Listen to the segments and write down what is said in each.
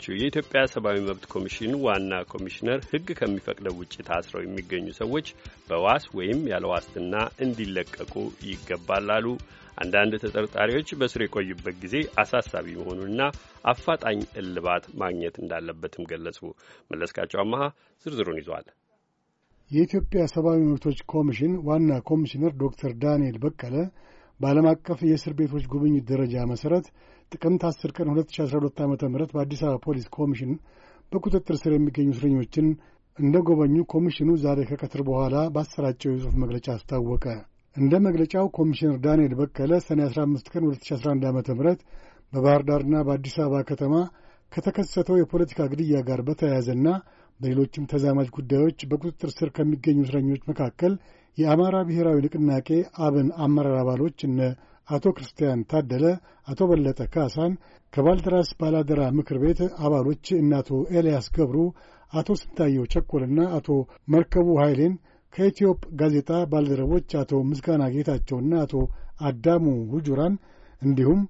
ናቸው። የኢትዮጵያ ሰብአዊ መብት ኮሚሽን ዋና ኮሚሽነር ሕግ ከሚፈቅደው ውጭ ታስረው የሚገኙ ሰዎች በዋስ ወይም ያለ ዋስትና እንዲለቀቁ ይገባል አሉ። አንዳንድ ተጠርጣሪዎች በስር የቆዩበት ጊዜ አሳሳቢ መሆኑንና አፋጣኝ እልባት ማግኘት እንዳለበትም ገለጹ። መለስካቸው አመሃ ዝርዝሩን ይዟል። የኢትዮጵያ ሰብአዊ መብቶች ኮሚሽን ዋና ኮሚሽነር ዶክተር ዳንኤል በቀለ በዓለም አቀፍ የእስር ቤቶች ጉብኝት ደረጃ መሠረት ጥቅምት 10 ቀን 2012 ዓ ም በአዲስ አበባ ፖሊስ ኮሚሽን በቁጥጥር ስር የሚገኙ እስረኞችን እንደ ጎበኙ ኮሚሽኑ ዛሬ ከቀትር በኋላ ባሰራጨው የጽሑፍ መግለጫ አስታወቀ። እንደ መግለጫው ኮሚሽነር ዳንኤል በቀለ ሰኔ 15 ቀን 2011 ዓ ም በባህር ዳርና በአዲስ አበባ ከተማ ከተከሰተው የፖለቲካ ግድያ ጋር በተያያዘና በሌሎችም ተዛማጅ ጉዳዮች በቁጥጥር ስር ከሚገኙ እስረኞች መካከል የአማራ ብሔራዊ ንቅናቄ አብን አመራር አባሎች እነ አቶ ክርስቲያን ታደለ፣ አቶ በለጠ ካሳን ከባልደራስ ባላደራ ምክር ቤት አባሎች እነ አቶ ኤልያስ ገብሩ፣ አቶ ስንታየው ቸኮልና አቶ መርከቡ ኃይሌን ከኢትዮጵ ጋዜጣ ባልደረቦች አቶ ምስጋና ጌታቸውና አቶ አዳሙ ውጁራን እንዲሁም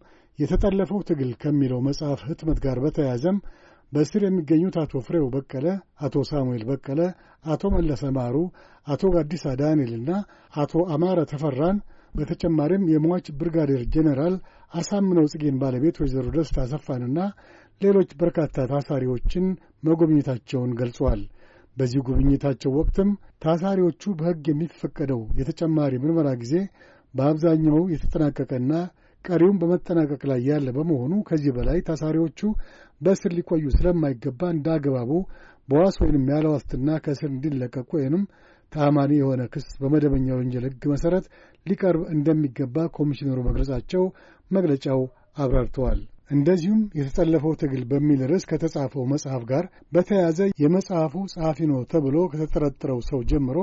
የተጠለፈው ትግል ከሚለው መጽሐፍ ህትመት ጋር በተያያዘም በእስር የሚገኙት አቶ ፍሬው በቀለ፣ አቶ ሳሙኤል በቀለ፣ አቶ መለሰ ማሩ፣ አቶ ጋዲሳ ዳንኤልና አቶ አማረ ተፈራን በተጨማሪም የሟች ብርጋዴር ጄኔራል አሳምነው ጽጌን ባለቤት ወይዘሮ ደስታ አሰፋንና ሌሎች በርካታ ታሳሪዎችን መጎብኘታቸውን ገልጿል። በዚህ ጉብኝታቸው ወቅትም ታሳሪዎቹ በሕግ የሚፈቀደው የተጨማሪ ምርመራ ጊዜ በአብዛኛው የተጠናቀቀና ቀሪውም በመጠናቀቅ ላይ ያለ በመሆኑ ከዚህ በላይ ታሳሪዎቹ በእስር ሊቆዩ ስለማይገባ እንደ አግባቡ በዋስ ወይንም ያለ ዋስትና ከእስር እንዲለቀቁ ወይንም ታማኒ የሆነ ክስ በመደበኛ ወንጀል ሕግ መሠረት ሊቀርብ እንደሚገባ ኮሚሽነሩ መግለጻቸው መግለጫው አብራርተዋል። እንደዚሁም የተጠለፈው ትግል በሚል ርዕስ ከተጻፈው መጽሐፍ ጋር በተያያዘ የመጽሐፉ ጸሐፊ ነው ተብሎ ከተጠረጠረው ሰው ጀምሮ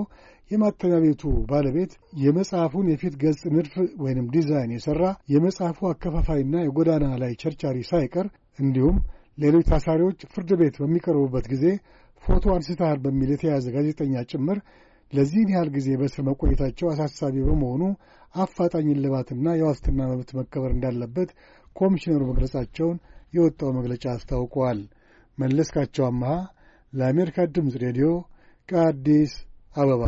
የማተሚያ ቤቱ ባለቤት፣ የመጽሐፉን የፊት ገጽ ንድፍ ወይንም ዲዛይን የሠራ፣ የመጽሐፉ አከፋፋይና የጎዳና ላይ ቸርቻሪ ሳይቀር እንዲሁም ሌሎች ታሳሪዎች ፍርድ ቤት በሚቀርቡበት ጊዜ ፎቶ አንስተሃል በሚል የተያዘ ጋዜጠኛ ጭምር ለዚህን ያህል ጊዜ በእስር መቆየታቸው አሳሳቢ በመሆኑ አፋጣኝ እልባትና የዋስትና መብት መከበር እንዳለበት ኮሚሽነሩ መግለጻቸውን የወጣው መግለጫ አስታውቀዋል። መለስካቸው አመሃ ለአሜሪካ ድምፅ ሬዲዮ ከአዲስ አበባ